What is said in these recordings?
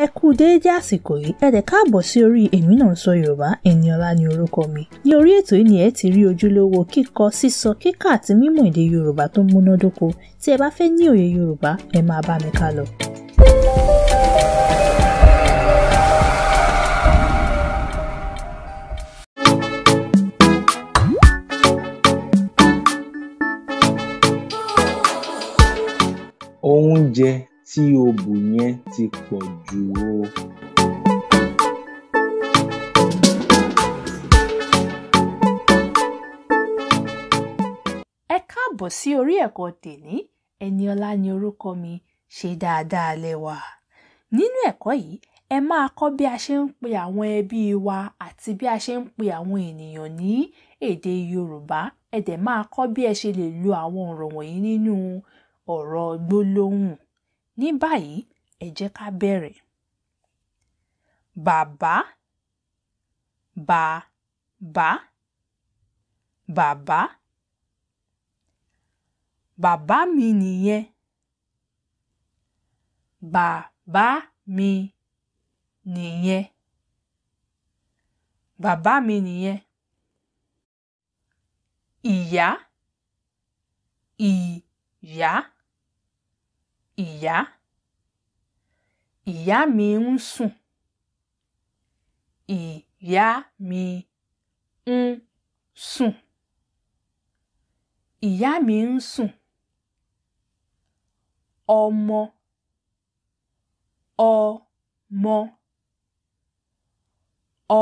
ẹ kú déédé àsìkò yìí ẹ dẹ̀ káàbọ̀ sí orí èmi náà ń sọ yorùbá Ẹniọlá ni orúkọ mi ní orí ètò yìí ni ẹ ti rí ojúlówó kíkọ sísọ kíkà àti mímọ̀ èdè yorùbá tó múnádóko tí ẹ bá fẹ́ ní òye yorùbá ẹ máa bá mi ká lọ. oúnjẹ tí o bù yẹn ti pọ̀ jù o. ẹ káàbọ̀ sí orí ẹ̀kọ́ tèní Ẹniọlá ni orúkọ mi ṣe dáadáa lẹ́wà nínú ẹ̀kọ́ yìí ẹ máa kọ́ bí a ṣe ń pe àwọn ẹbí wa àti bí a ṣe ń pe àwọn ènìyàn ní èdè Yorùbá ẹ dẹ̀ máa kọ́ bí ẹ ṣe lè lo àwọn ọ̀rọ̀ wọ̀nyí nínú ọ̀rọ̀ gbólóhùn ní báyìí ẹ jẹ́ ká bẹ̀rẹ̀. bàbá bàbá bàbá bàbá mi nìyẹn bàbá mi nìyẹn bàbá mi nìyẹn ìyá ìyá ìyá ìyá mi ń sùn ìyá mi ń sùn ìyá mi ń sùn ọmọ ọmọ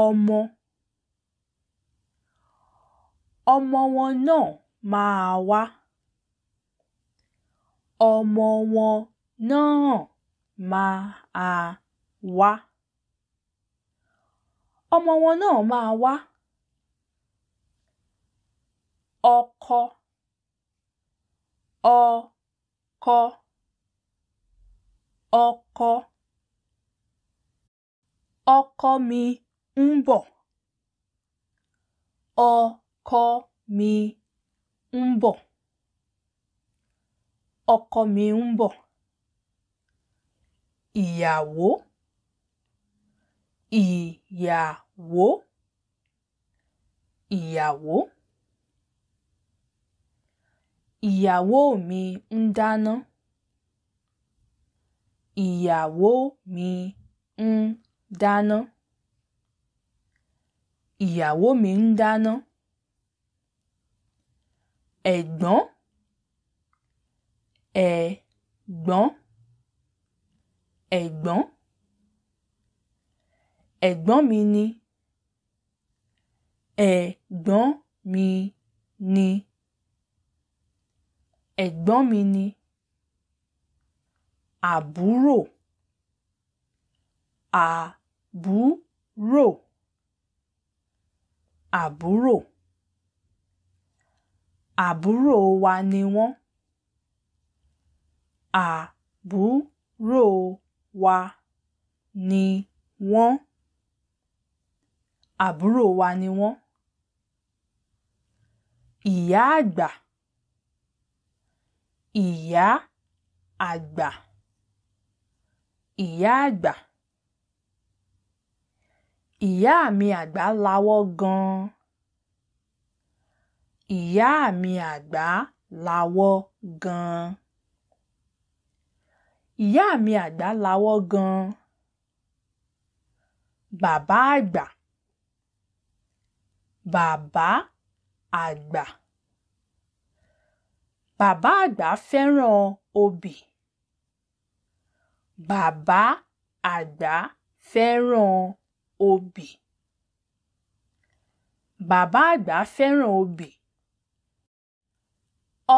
ọmọ ọmọ wọn náà máa wá ọmọ wọn náà máa wá. ọmọ wọn náà máa wá. ọkọ ọkọ ọkọ ọkọ mi ń bọ̀ ọkọ mi ń bọ̀ ọkọ mi ń bọ̀ ìyàwó ìyàwó ìyàwó ìyàwó mi ń dáná ìyàwó mi ń dáná ìyàwó mi ń dáná ẹ̀gbọ́n ẹ̀gbọ́n ẹ̀gbọ́n ẹ̀gbọ́n mi ni ẹ̀gbọ́n mi ni ẹ̀gbọ́n mi ni àbúrò àbúrò àbúrò àbúrò wa ni wọ́n. Àbúrò wa ni wọ́n. Àbúrò wa ni wọ́n. Ìyá àgbà. Ìyá àgbà. Ìyá àgbà. Ìyá mi àgbà lawọ́ gan. Ìyá mi àgbà lawọ́ gan. Ìyá mi àgbà lawọ́ gan-an. Bàbá àgbà. Bàbá àgbà. Bàbá àgbà fẹ́ràn obì. Bàbá àgbà fẹ́ràn obì. Bàbá àgbà fẹ́ràn obì.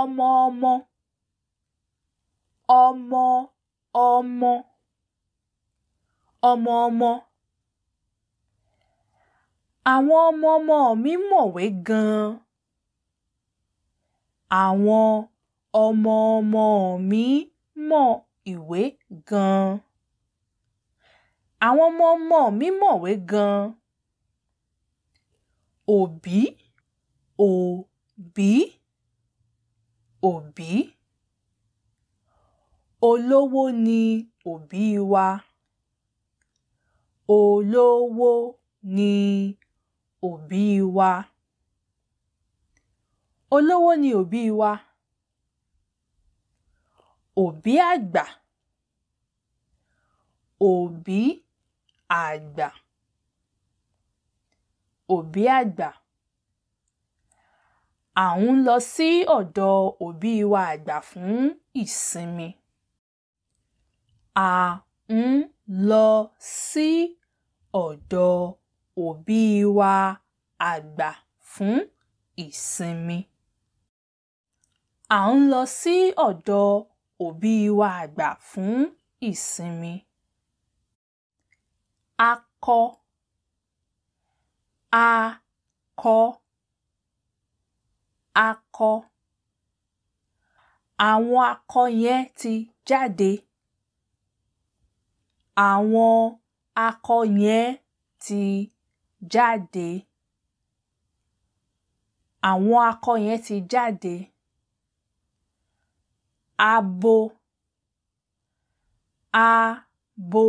Ọmọ ọmọ. Ọmọ ọmọ ọmọọmọ àwọn ọmọọmọ mi mọ̀wé gan-an àwọn ọmọọmọ mi mọ ìwé gan-an àwọn ọmọọmọ mi mọ̀wé gan-an òbí òbí òbí. Olówó ni òbí wa. Olówó ni òbí wa. Olówó ni òbí wa. Òbí àgbà. Òbí àgbà. Òbí àgbà. À ń lọ sí ọ̀dọ̀ òbí wa àgbà fún ìsinmi a ń lọ sí ọ̀dọ̀ òbí wa àgbà fún ìsinmi. À ń lọ sí ọ̀dọ̀ òbí wa àgbà fún ìsinmi. A kọ a kọ akọ àwọn akọ yẹn ti jáde àwọn akọ yẹn ti jáde. Àwọn akọ yẹn ti jáde. Abo, abo,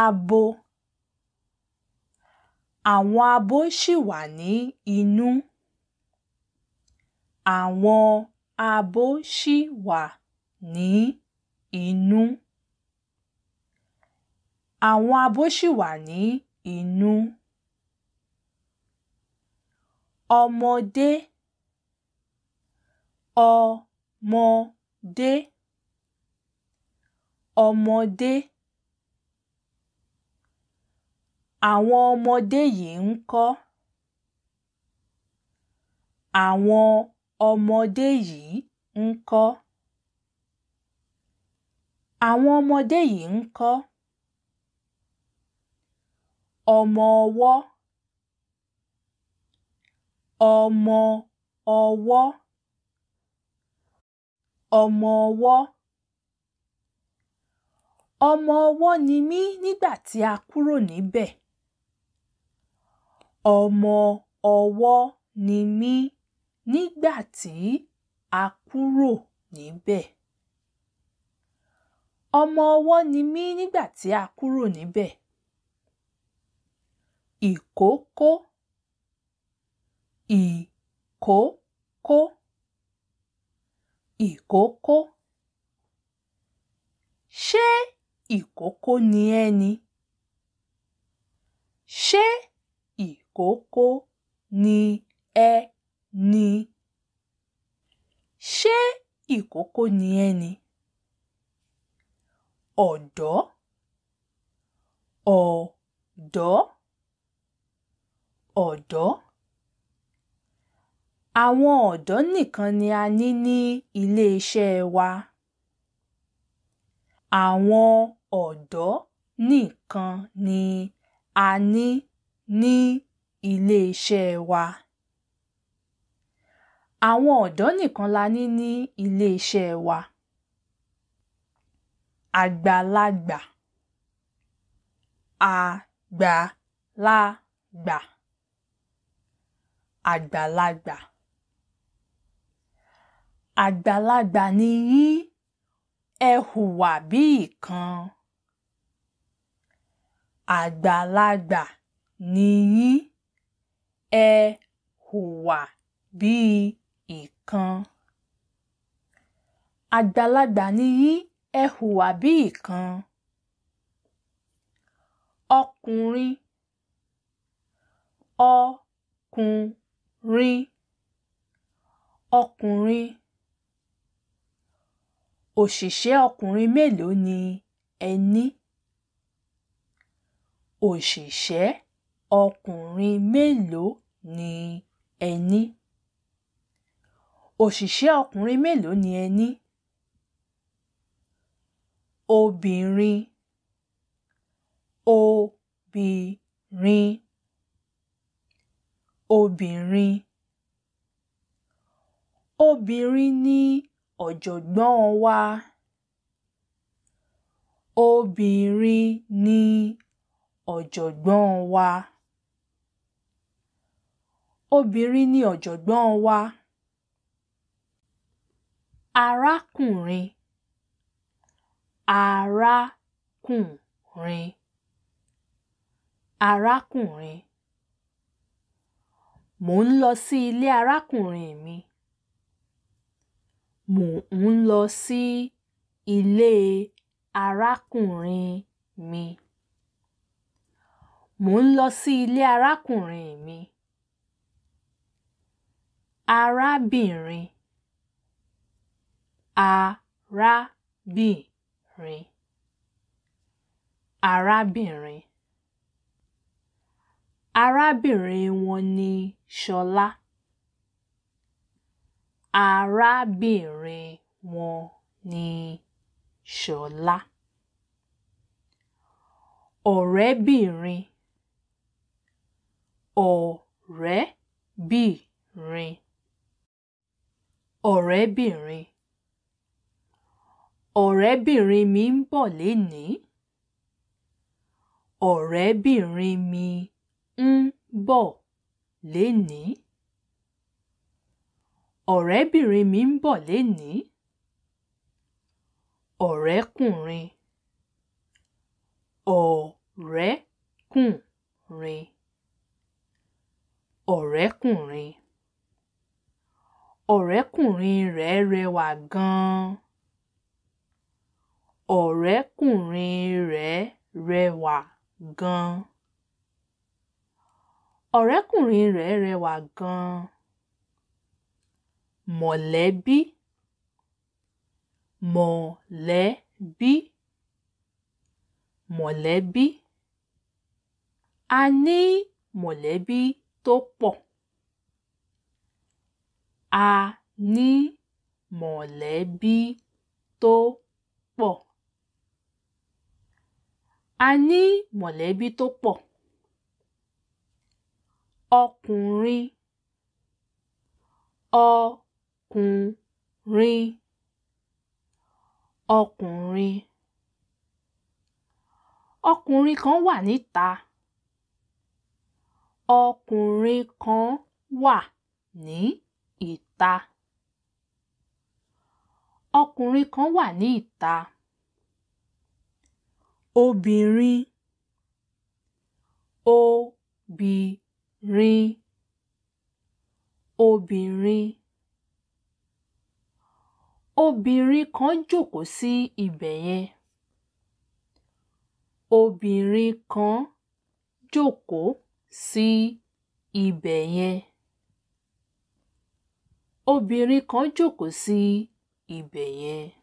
abo. Àwọn abo ṣì wà ní inú. Àwọn abo ṣì wà ní inú. Àwọn abo ṣì wà ní inú. ọmọdé ọmọdé ọmọdé Àwọn ọmọdé yìí ńkọ́? Àwọn ọmọdé yìí ńkọ́? Àwọn ọmọdé yìí ńkọ́? ọmọ ọwọ́ ọmọ ọwọ́ ọmọ ọwọ́ ọmọ ọwọ́ ni mí nígbà tí a kúrò níbẹ̀ ọmọ ọwọ́ ni mí nígbà tí a kúrò níbẹ̀ ọmọ ọwọ́ ni mí nígbà tí a kúrò níbẹ̀ ìkókó ìkókó ìkókó. Ṣé ìkókó ni ẹ́ ni? Ṣé ìkókó ni ẹ́ ni? Ṣé ìkókó ni ẹ́ ni? Ọ̀dọ́ ọ̀dọ́ ọ̀dọ́. Àwọn ọ̀dọ́ nìkan ni a ní ní ilé-iṣẹ́ wa. Àwọn ọ̀dọ́ nìkan ni a ní ní ilé-iṣẹ́ wa. Àwọn ọ̀dọ́ nìkan la ní ní ilé-iṣẹ́ wa. Àgbàlagbà. Àgbàlagbà àgbàlagbà àgbàlagbà ni yín ẹ hùwà bí ìkan àgbàlagbà ni yín ẹ hùwà bí ìkan àgbàlagbà ni yín ẹ hùwà bí ìkan ọkùnrin ọkùnrin rin ọkùnrin. Òṣìṣẹ́ ọkùnrin mélòó ni ẹ ní? Òṣìṣẹ́ ọkùnrin mélòó ni ẹ ní? Òṣìṣẹ́ ọkùnrin mélòó ni ẹ Obìnrin. Obìnrin obìnrin. Obìnrin ni ọ̀jọ̀gbọ́n wa. Obìnrin ni ọ̀jọ̀gbọ́n wa. Obìnrin ni ọ̀jọ̀gbọ́n wa. Arákùnrin. Arákùnrin. Arákùnrin. Mò ń lọ sí ilé arákùnrin mi. Mò ń lọ sí ilé arákùnrin mi. Mò ń lọ sí ilé arákùnrin mi. Arábìnrin, arábìnrin, arábìnrin. Arábìnrin wọn ni Ṣọlá. Arábìnrin wọn ni Ṣọlá. Ọ̀rẹ́bìnrin. Ọ̀rẹ́bìnrin. Ọ̀rẹ́bìnrin. Ọ̀rẹ́bìnrin mi ń bọ̀ lénìí. Ọ̀rẹ́bìnrin mi ń bọ̀ lénìí. ọ̀rẹ́bìnrin mi ń bọ̀ lénìí. ọ̀rẹ́kùnrin ọ̀rẹ́kùnrin ọ̀rẹ́kùnrin ọ̀rẹ́kùnrin rẹ̀ rẹwà gan-an. ọ̀rẹ́kùnrin rẹ̀ rẹwà gan-an ọ̀rẹ́kùnrin rẹ̀ rẹwà gan-an. mọ̀lẹ́bí mọ̀lẹ́bí mọ̀lẹ́bí a ní mọ̀lẹ́bí tó pọ̀. a ní mọ̀lẹ́bí tó pọ̀. a ní mọ̀lẹ́bí tó pọ̀ ọkùnrin ọkùnrin ọkùnrin ọkùnrin kan wà níta ọkùnrin kan wà ní ìta ọkùnrin kan wà ní ìta obìnrin obìnrin obìnrin. Obìnrin kan jókòó sí ibẹ̀ Obìnrin kan jókòó sí ibẹ̀ yẹn.